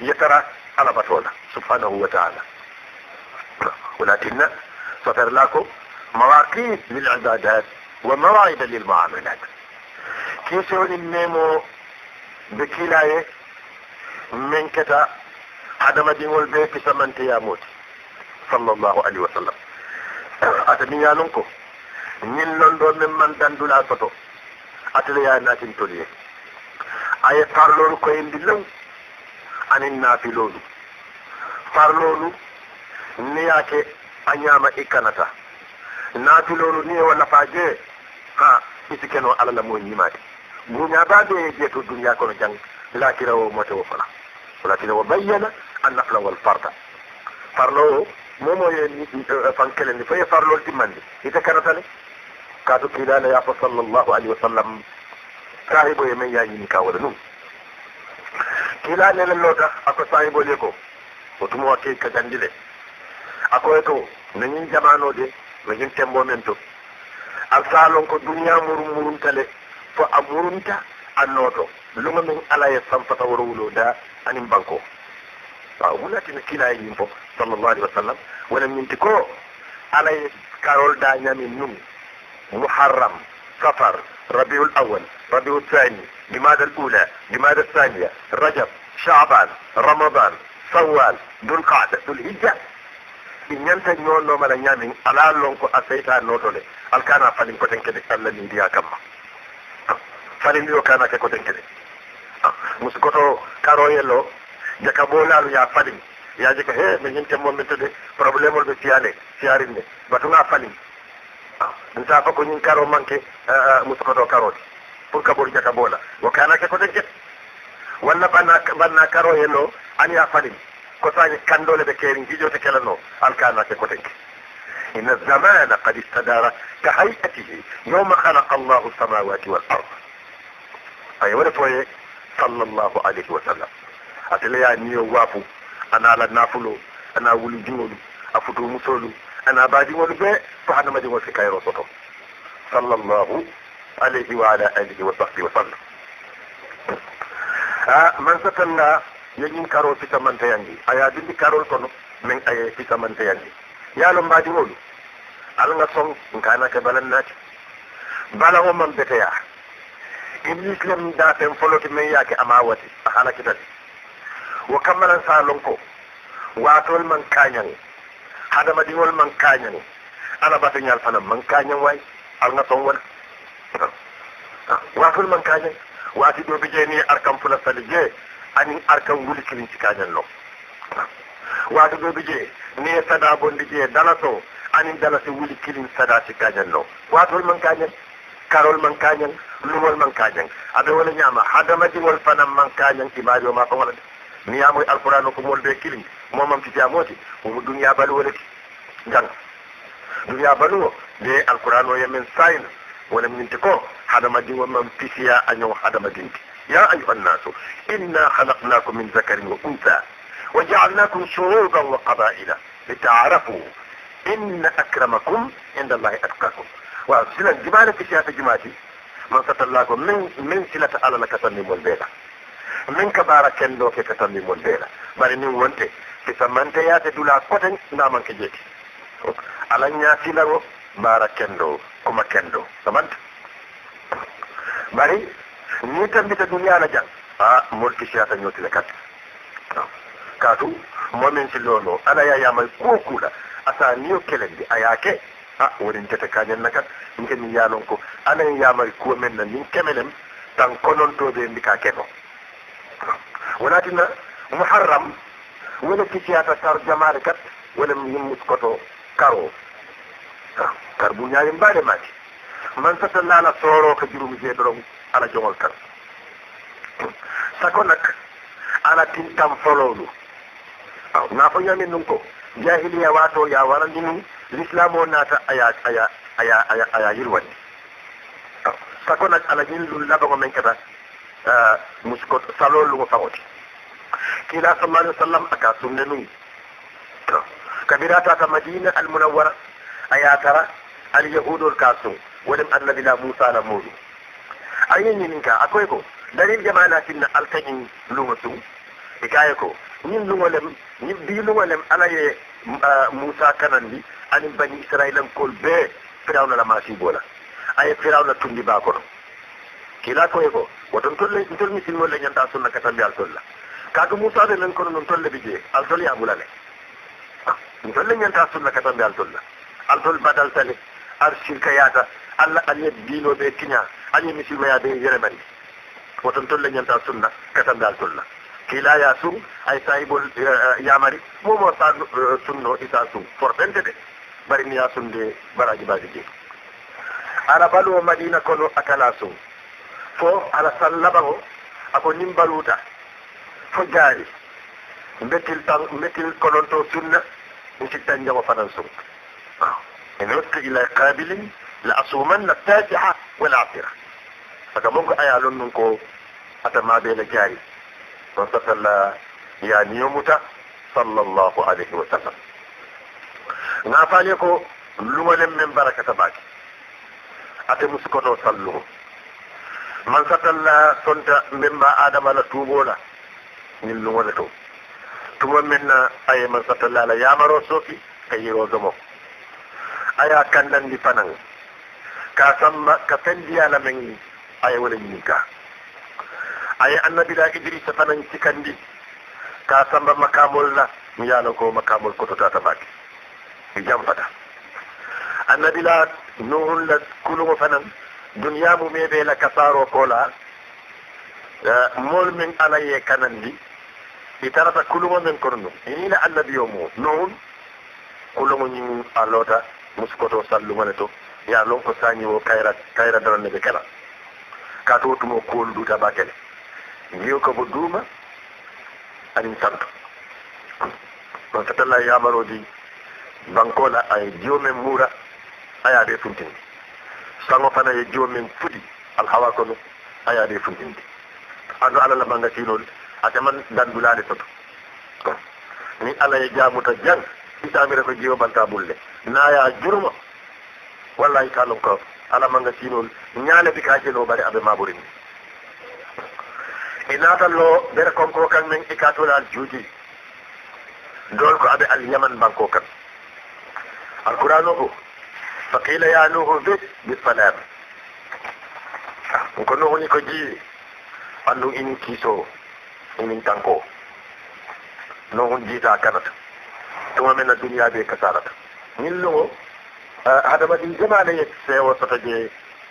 yetara alabatola subhanahu wa ta'ala ولكن سطر لكم مواقيت للعبادات ومواعيد للمعاملات كيف يقول النمو بكلاية من كتا عدم ديول بيت سمنت يا موت صلى الله عليه وسلم أتمنى لكم ñin londo min man dan dandula soto atele ya indi tolye ani farlolu fi lew far naafilolu ni niyake a ñama ikkanata naafilolu niye walla fa jee ha isi keno ala la mo ñimade buña baɓe jee to duniya kono jang lakira o mote o fana walakin o bayyana annafla wal farda farlo o momo ye fan keleni fo ye farlol timmandi ite kanata kanatale kaatu kiilala yaafo sallllahu alayhi wa sallam sahiboye men yayini ka wala num kiilalelen loota ako sahibole ko o tuma wakke ka jandile akoye to nañin jamanode nañin tembo men to alsalon ko duniya murum murumtale fo a murumta annoto luga min alaye sanfata woro wulo da anin banko waaw mu latina kiilaye ñin fof sallllahu alayhi wa sallam wona minti ko alaye karol dañamin num محرم كفر ربيع الاول ربيع الثاني لماذا الاولى لماذا الثانية رجب شعبان رمضان صوال دون قاعدة الهجة إن ينتج نون نوم الأيام على لونكو أسيتا نوتولي هل كان فلن كتن كده ألا نيديا كما فلن يو كان كتن كده مسكوتو كارو يلو جاكا بولا يا فلن يا جاكا هي من ينتج مومنتو دي بروبليمو دي سياري سياري باتونا فلن nta fa ko ñin karo manke musukoto karoti pour ka bori jaka bola wo kana ke koten jet walla banna banna karo hen o an ya falim ko sañi kandole ɓe keeri jijote kelano an kana ke koten ke إن الزمان قد استدار كهيئته يوم خلق الله السماوات والأرض أي ورفوه صلى الله عليه وسلم أتليا نيو وافو أنا على النافلو أنا ولي جنولو أفتو مسولو ana baadiŋolu bee fo hadamadiŋo si kayiro soto sallallahu alayhi wa ala alihi wa sahbihi wa sallam a man satalla yeñin karol fitamanteyandi aya dindi karol kono min aye fitamanteyandi yaalo mbaadiŋolu alga soŋ nkanake balan naati balaŋo man beteya iblis lem dafen foloti men yaake ama wati a halakitati wo kammalan saa lon ko waatol man kañaŋe hadamadiŋol maŋ kaañani ala bata ñal fana maŋ kaañan way al ŋa toŋ wala waafol maŋ kaañan waati doo bi jee niŋ arkan fula sali jee aniŋ arkan wuli kiliŋ ci kaañan lo waati doo bi jee niŋ ye sadaa bondi jee dala to aniŋ dala si wuli kiliŋ sadaa ci kaañan lo waatol maŋ kaañan karol man kañan lumol man kañan aɓe wona ñama hadamadiŋol fanan man kañan ibaari o ma ko wala de niyamoye alqouran ko molde kilingi momam kijamoje omo duniya baluwo leki janga duniya baluwo nde alqouran o yemen sayna wona minti ko hadama dingo mam pisiya añow hadama dinki ya ayuha nnasu inna halaknakum min zakarin wa untha wa jaalnakum shuruban wa qabaila litaarafu inna akramakum inda allahi atkakum wa silan jibale pisiya ta jumati man satallakum min min silata ala lakatanni molbeɗa min ka mbara kenndo ke ka tammi mon ndeela mbaɗa nin wonte ke sammante yaade dula kote ndaman ke jeeti ala ñaatilago mbara kenndo koma kenndo samante mbari ni tambita duniya na jang a ah, molti siyata ñootile kat ah. kaatu momin silono ala yayamay ko kuuɗa asa niyo kelendi a yaake a ah, woni jete kañen na kat nkemi yaalon ko ala yayamay kuo men na nin kemenem tan kononto ɓe mbika keno ولكن محرم ولا تجيات صار جماركت ولم يمت كتو كارو كربو نايم بعد ماتي من فتنا على صورو كجرو مزيدرو على جمال كر سكونك على تنتم فلولو أو نافو يمين نمكو جاهلية واتو يا ورنجني الإسلام وناتا أيا أيا أيا أيا أيا يلوان سكونك على جنل لبغو من كتاسي muskot salol lu fawoti kila sallallahu alaihi wasallam aka sunne nun kabira ta ta madina al munawwara aya tara al yahudul kasu walim annabi la musa la mudu ayin nin ka akoy ko dalil jamana tinna al tanin lu mutu ikaye ko ñin lu ngolem ñi bi lu ngolem alaye musa kanandi ani bani israilan kol be firawna la masibola aye firawna tundi ba ko kila koye ko woton tolle ntol misilmolle ñanta sunna katambi al tolla kaatu musaɓe men kono noon tolle bi jee al tol yabulane ɗum tolle ñanta sunna katambi al tolla al tol badal tani ar sirka yaata allah añe diinoɓe kiña añe misilma yaade yere mari woton tolle ñanta sunna katambi al tolla kila ya sun ay sahibol yamari momo sa sunno isa sun forɓente de mbarini ya sunde baraji baji jee ara baluwo madina kono akala sun fo ala sallabago ako nimbaluta fo jaari mbetil tan mbetil kononto sunna ci tan jago fanal sun waaw in rutta ila qabil la asuman la tasiha wal afira saka mon ko aya lon nun ko ata ma be la jaari on sallalla ya niyumuta sallallahu alaihi wa sallam na faale ko lem men barakata baake ate musukoto sallu man satalla sonta mbemba adama la tuubola lu wala to tuma min na aye man satalla la yamaro sofi ka yiro domo aya di panan ka samma ka fendiya la men ay wala ñinka aye annabila idrissa fanan di. ka samba makamol la mi yaala ko makamol ta ta mi jam fata la nuhun la kulu fanan duniya mu me be la kasaro ko la mol min alaye kanandi itarata kuluma men korno ina annabi yo mo non kuluma ni alota muskoto salluma ne to ya lon ko sani wo kayra kayra daran ne kala ka to tumo ko duta bakele yiyo ko bo duma anin santo on tatalla yamaro di bankola ay diome mura aya be funtini sango fana ye e min fudi alhawa kono a yaade e a ado ala labanga man ateman dandulade toto ni ala ye jan jang mi ko jiwa banta bulle ya jurma wallahi kalon ko ala manga tinol nyaale bi kaje lo bari abe ta lo natallo kon ko kan min e dal juuji dol ko abe al yaman banko kan alqur'an o فقيل يا نوح بس بالسلام وكنو هوني كجي انو اني كيسو اني تانكو نو هون جيتا كانت تو من الدنيا بي كسارت نيل لو هذا ما دي جمال يك سيو ستجي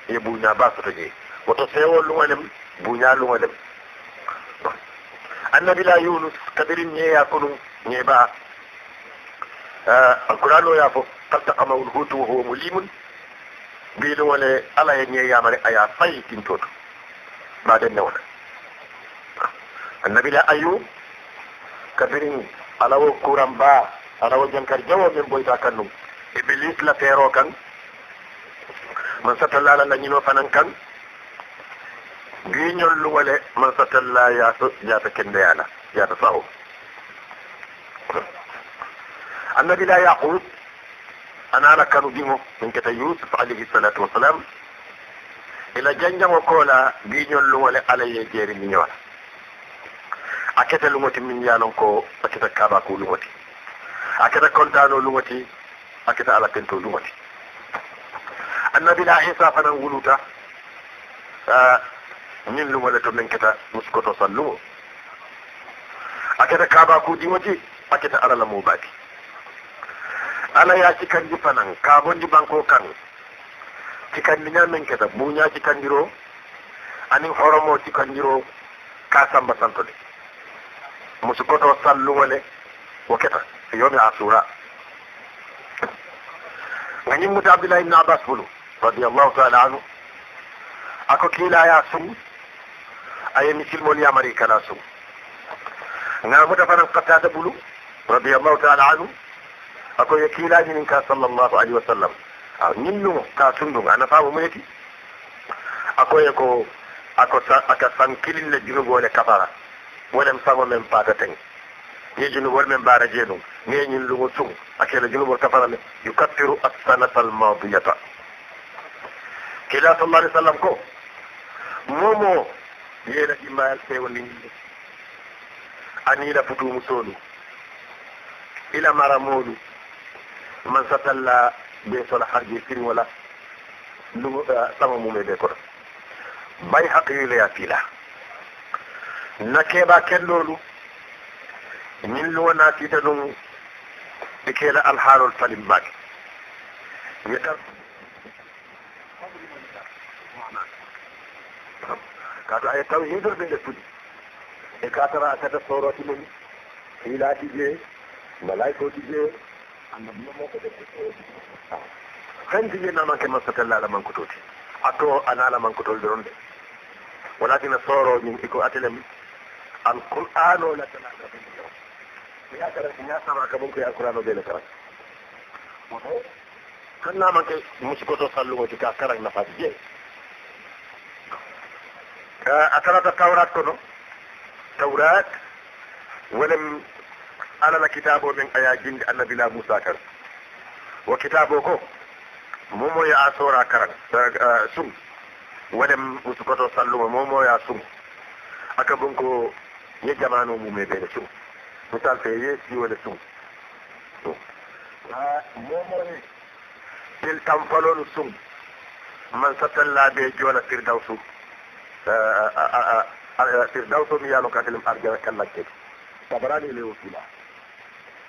يبونا باس تجي وتو سيو لو ولم بونا لو ولم النبي لا يونس كبير ني يا كونو ني با القران آه يا فوق kaltaqama hulhutu wa huwa mulimun biilu wala ala ya nye yamare aya fayitin toto ba da nauna annabi la ayu kabirin alawo kuran ba alawo jankar jawo min boyta kannu iblis la fero kan man satalla la nyino fanan kan giñol lu wala man satalla ya to ya ta kende yana ya ta sawo annabi la yaqut ana ala kanu ɗimo min keta yusuf alayhi salatu wasalam ila janjango kola biñol luŋole alaye mi miñola a keta luŋoti min yalon ko a keta kabako luŋoti a keta kontano luŋoti a keta ala pento luŋoti annabila isa fanan wuluta min luŋole to min keta muskoto salluŋo a keta kabako ɗimoti a keta ala la mubati ala ya cikandi fanan kabondi banko kan cikandi ñamen keta buña cikandiro anin horomo ka samba musu koto keta yomi asura gañim muta abdoulahi ibne abbas bulu radiallahu taala anu ako kiilaya sum aye misilmol yamari kana sum gamuta fanan kattada bulu taala anu ako kilaji kiilaajinin ka sallallahu alaihi wasallam a aw ka sunduŋ ana faamu mu yeti ako ye ko ako aka san kilin le junuboo gole kafara wo lem men pata tan teŋ ye junuboo le meŋ baara jeenuŋ niŋ ye ñin luŋo suŋ ake le junuboo kafara le as-sanata al-madiyata kila sallallahu alaihi wasallam sallam ko moo moo ye la dimbayal feewondi ñinde aniila futuumu soolu ila maramoolu man satalla be sola harje kiri wala lugu sama mume be kono bay haqi le ya fila na keba kellolu min lona tita ɗum e keela alhaalol falim maake yetar kato aye taw hidorde nde fuɗi e katara a tata soroti men hiilaati je malaikoji je kan tije na ke masatalla la man kutoti ato anala man kutol don walakin soro nyin iko atelem al qur'ano la tanaka bi ya karan ya sama ka bun ko ya qur'ano be la karan kan na man ke musiko to sallu ko ka karan na fasiye ka akala ta tawrat ko no tawrat ولم alala kitabo min aya jindi allah bila musa kan wo kitabo ko momo ya sora karan sum wadam usukoto salluma momo ya sum aka bonko ye jamano mume ɓeɗe sum misal fe ye siwole sum momoni il tanfalolu sum man sattalla ɓe jona firdawsu firdawso mi yano ka telem arjana kallakkede tabarani le wasula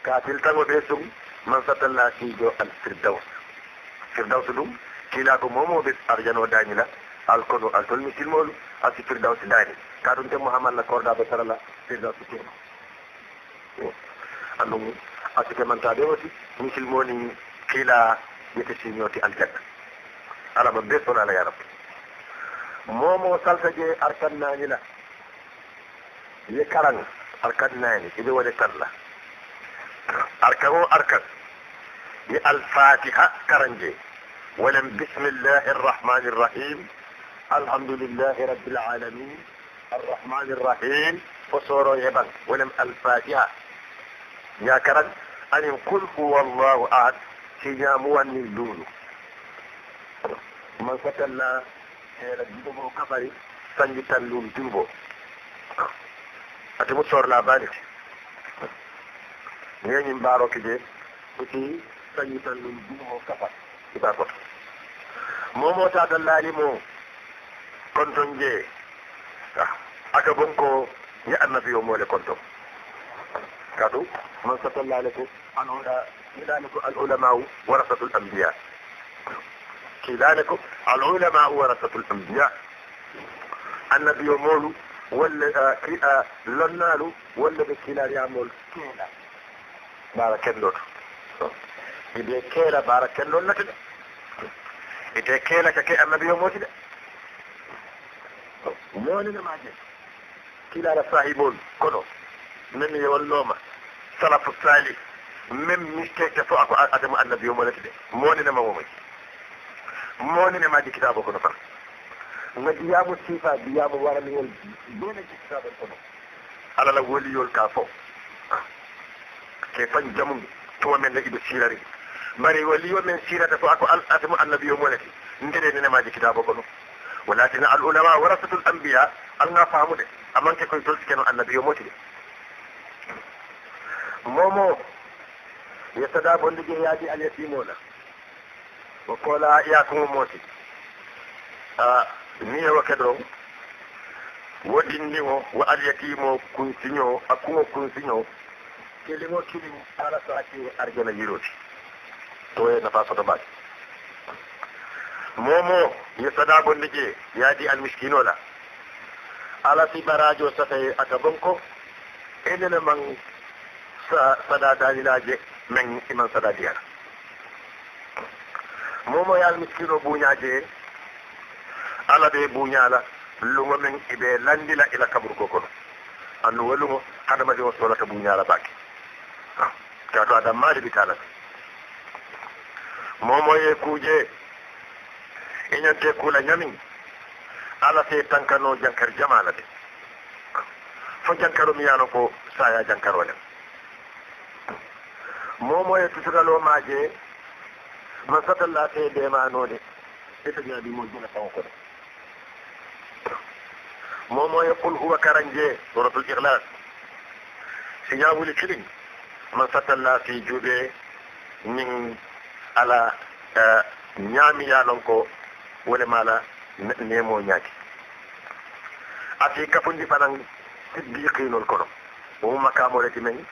kafil tago be sum man satalla kiijo al firdaws firdaws ɗum kiilaago momoɓe arjano dañila alkono altol misilmolu asi firdaws daani ka ɗum te mouhamad la kordaɓe sarala firdaws keno andum asike mantaɓe aussi misilmoni kiila ƴete siñooti aljanna alama be sona ala ya rabbi momo salta je arkan nañila ye karan arkan naani iɓe waɗe talla أركبوا أركب بالفاتحة كرنجي ولم بسم الله الرحمن الرحيم الحمد لله رب العالمين الرحمن الرحيم فصورو يبن ولم الفاتحة يا كرن أن قل هو الله أعد سيامو من دونه من فتنا هيرا كفري سنجتن لون جنبه أتبو صور لا بالك ñeñin mbaaro kije oti sañitan ɗum dumo kafa kiɓa koto momo tata laalimo konton jee aka bonko ñi annabi yo moole konton kadu man satallale ko anoɗa kilane ko al ulamau warasatu l ambiya kilane ko al ulamau warasatu l ambiya annabi yo moolu walla lonnaalu walla ɓe kilaari amol keeɗa barakalloɗo iɓe keela barakallonnata ɗe ite keela ka ke annabi o moti ɗe moninamaje kilaɗa sahibol kono min yewalloma salafu salih min mistake fo ako adama annabi o monati ɗe moninama womoy moninamaji kitabo kono tan gadiyamo sifa biyamo waraniyol bene ji kitabol kono alala woliyol ka fof ke fan jamu to men da ibe sirari bari wali wa men sirata to ako al asmu annabi mo lati ndere ne ma ji kitabo ko walakin al ulama warasatu al anbiya an na famu de amman ke koy tolti ken annabi mo ti momo ya sada bondi ge yaji al yatimo la wa kola ya kuma moti a ni ya wakedro wodinni wo wa al yatimo kunsinyo akumo kunsinyo kelimo kili ala so aki arjana yirodi to e nafa soto mbaɗe momo yo sadago ndeƴe yaadi almiskine oɗa ala si baradio sata e aka bonko enene man sada dalilaje men iman sada diyana momo e almiskine o buñaje e ala ɓe buñala lugo men eɓe landila ila kaɓurgo kono anno wallugo haɗa maɗi o solata buñala bake ka ɗo aɗa maaliɗi kalata momoye kuuje iñante e kuula ñamin ala fe tankano jankar jamala de fo jankaro mi yano ko saya jankaro len momoye tutugalo maje man satalla fe ndemanode eto jaabi mo jina tawko de momoye qul huwa karan je ratul ihlas si ñawuli kiliñ man satalla fi juɓe nin ala ñaami yalon ko wolemala nemo ñaaki ati kafundi fanan siddi qiinol kono womma kamoreti men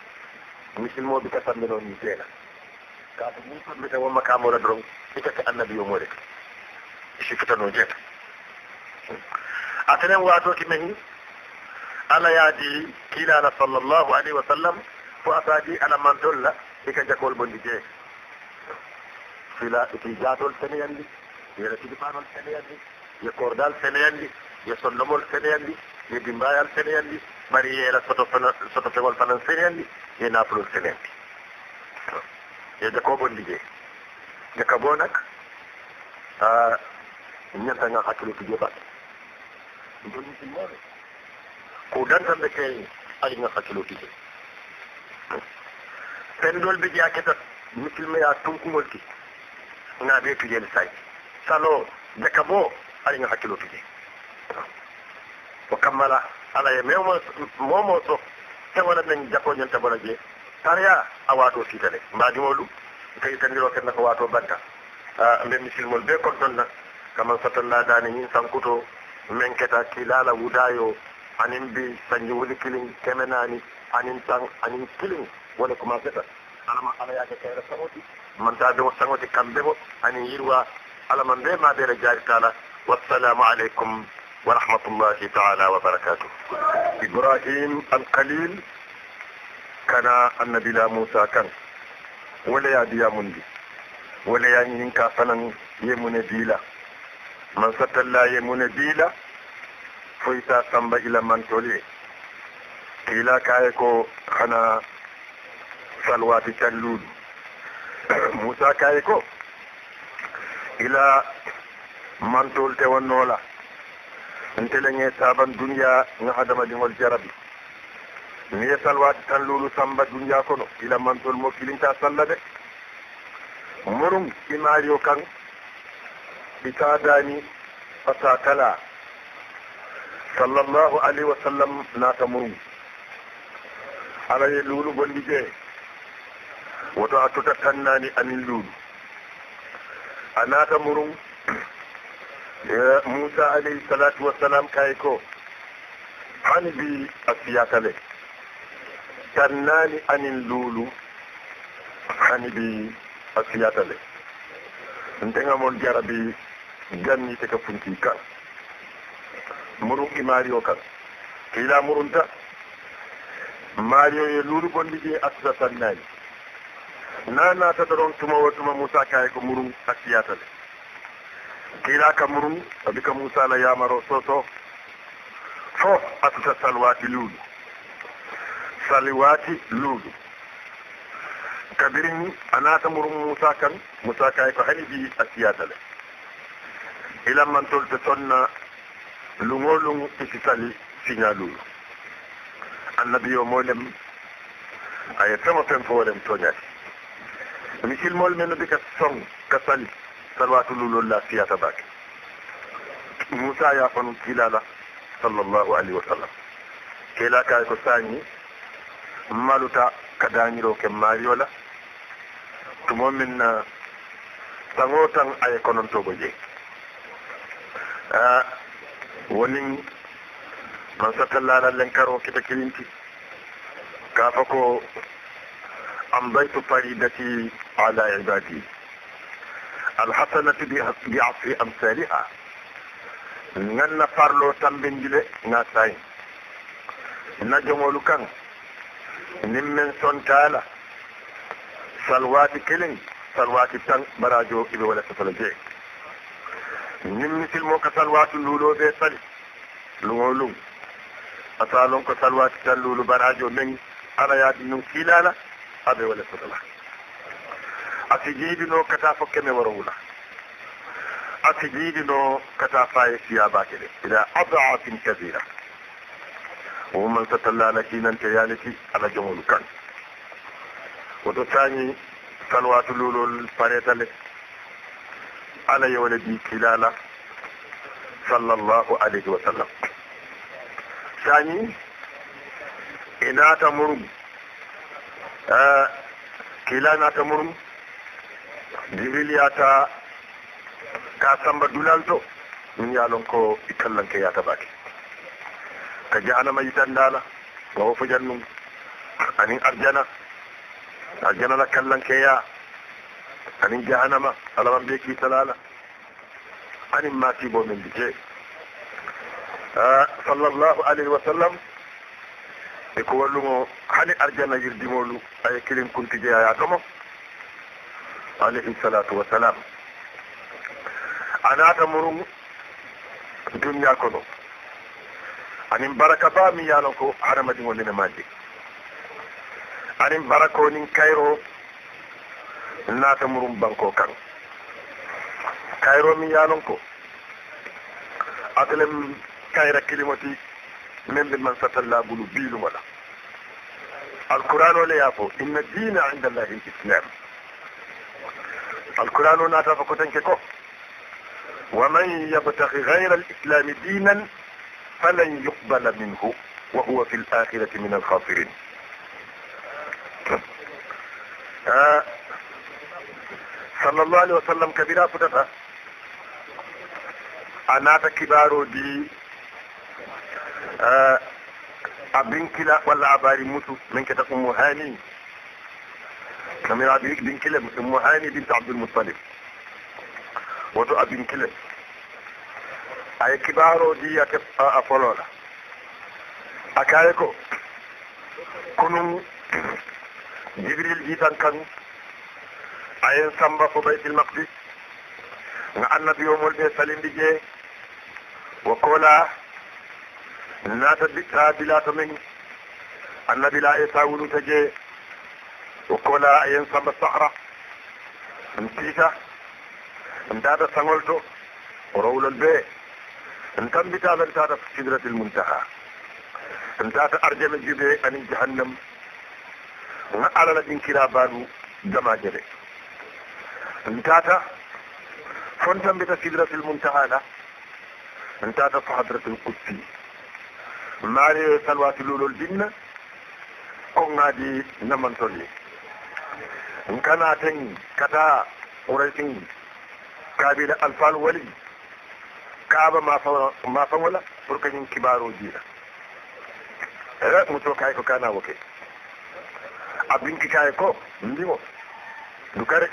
misilmoɓe ka sambino ni seena kaatu ni sambita womma kamora doron itake annabi omoreti sikkitano jeeta atenen watoki men ala yaadi kiilala sallllahu alayhi wa sallam fo ataji ala man tolla eka jakol bondi jee fila eti jatol feneyandi yere tidipanol feneyandi ye kordal feneyandi ye sonnomol feneyandi ye dimbayal feneyandi mari yeela soto fegol fanan feneyandi ye naflol feneyandi ye jako bondi jee jaka bo nak ñantanga hakkilo tije bake ndonisimmoɓe ko dantan de kee ayinga hakkilo tije pendol be jeake tat mutilmeya tonkugol ki naɓe tujel say salo deka bo aɗa ño hakkilo tuje o kammala ala ye mewma momo ɗo tewana men jakoñol tabona je paria a wato siita de mbadimo ɗum kay tandiro kenna ko wato banta ah, mbe misilmol be kon ɗonna kaman sotollaɗani ñin sankuto men keta ki laala wudayo anin bi sanji wuli kilin kɛmɛ anin tan anin kilin wala kuma fɛta ala ala y'a kɛ kɛyɛrɛ man taa bɛ saŋoti kan bɛ anin yiriwa ala man bɛɛ maa bɛɛ la jaari t'a la wasalaamu aleykum ورحمة الله تعالى وبركاته إبراهيم القليل كان النبي لا موسى كان ولا يديا مندي ولا ينكا sanan يمون ديلا من ستلا يمون ديلا foyta samba ila mantoli ila kaye ko hana salwati calluɗu moussa kaye ko ila mantol tewannola ntelenge saban duniya no adamadingol jarabi miye salwati tanluɗu samba duniya kono ila mantol mo kilinta salla de morum imario kan ɓitadani fata kala صلى الله عليه وسلم لا تمرون على يلول بندجه وتو اتوتا تناني ان اللول انا تمرون موسى عليه الصلاة والسلام كايكو عن بي أسياكالي تناني أن اللولو عن بي أسياكالي انتنا من جربي جني تكفنتي كان murun i mario kan kila murunta mario ye luuru gonɗi ɗi na na ta don tuma wo tuma ka yi ko murun asiyata de kila ka murun abi ka musa la maro soto fo asuta salwati lulu. salwati lulu. kadirin a nata musa kan musa yi ko hali bi a siyata le ilan man tolta tonna lungo lungu iti tali siñaluru annabi yo molem aye tema pen foorem toñati mi silmol men no bika soŋ ka sali salawatu lulol la fiyata bake moussa yafanu kilala sallllahu alayhi wa sallam kela kay ko sañi maluta ka dañiro ke mario la tumomin saŋo tan aye konon togo je wonin mansatan lalallen karo kita kilinti kafa ko amdaitu faridati ala ibadi alhasanatu bi asri amsaliha nganna farlo tambindile na sayin na jomolu kan nin min sontala salwati kilin salwati tan barajo ibe wala safala jeek ñim misilmo ka salwatu luulo ɓe sali luwo lum ata lon ko salwati tan luulu barajo men ala yaadi num kiilala aɓe wala sotala ati jiidino kata fo keme waro wula ati jiidino kata faye siyabake ɗe ila adafin kabira woman satallala kinante yaliti ala jomolu kan woto tañi salwatu luulol paretale ala yawladi kilala sallallahu alayhi wa sallam sani e naata murum kila naata murum jibril yata ka samba dulalto min yalon ko i tallanke yatabake ka jahanama yitandala wawo fojannum anin arjana arjanala kallankeya anin jahanama alaman be kiitalala anin masibo men mbi jee sallllahu alayhi wa sallam e ko wallumo hani arjanna yirdimolu aye kilin kunti jeeyaya tomo alayhi salatu wassalam a naata murum duniya kono anin baraka ba min yalon ko hadamadiŋo nene maje anin barako nin kayro naata murum banko kan kayro mi yalon ko atalem kayra kilimati men be man satalla bulu bilu wala القرآن ولا يافو إن الدين عند الله الإسلام القرآن ولا تفكو تنككو ومن يبتغي غير الإسلام دينا فلن يقبل منه وهو في الآخرة من الخاسرين sallallahu alaihi wasallam kabira futata a naata kibaarooji a binkila walla a baari mutu min keta ummu hani kamira binkile ummu hani bint abdulmutalib woto a binkile aye kibaarooji ake a foloola a kaye ko konum jibril jiitan kan ayen samba fo baytil maqdis nga annabi o molɓe salindi je wo koola naata bitta bilato men annabi la e sa wuluta je wo ayen samba sahra n ndada sangolto daata saŋol to rowlol bee n tambita men taata sidratil muntaha n taata arjame jibe anin jahannam nga alala ɗin kira baɗu jamaje انتهت فانتم بتسدرة المنتهى له انتهت حضرة القدسي ماري سلوات لولو الجنة أو غادي نمن تولي إن كان تن كتا قريسين كابيل ألفال ولي كابا ما فولا بركين كبارو جيلا ere muto kay ko kana woke abin ki kay ko ndimo dukare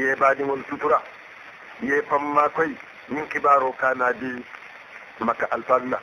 ye baadiŋol sutura ye famma koy kibaro kana di maka alfalla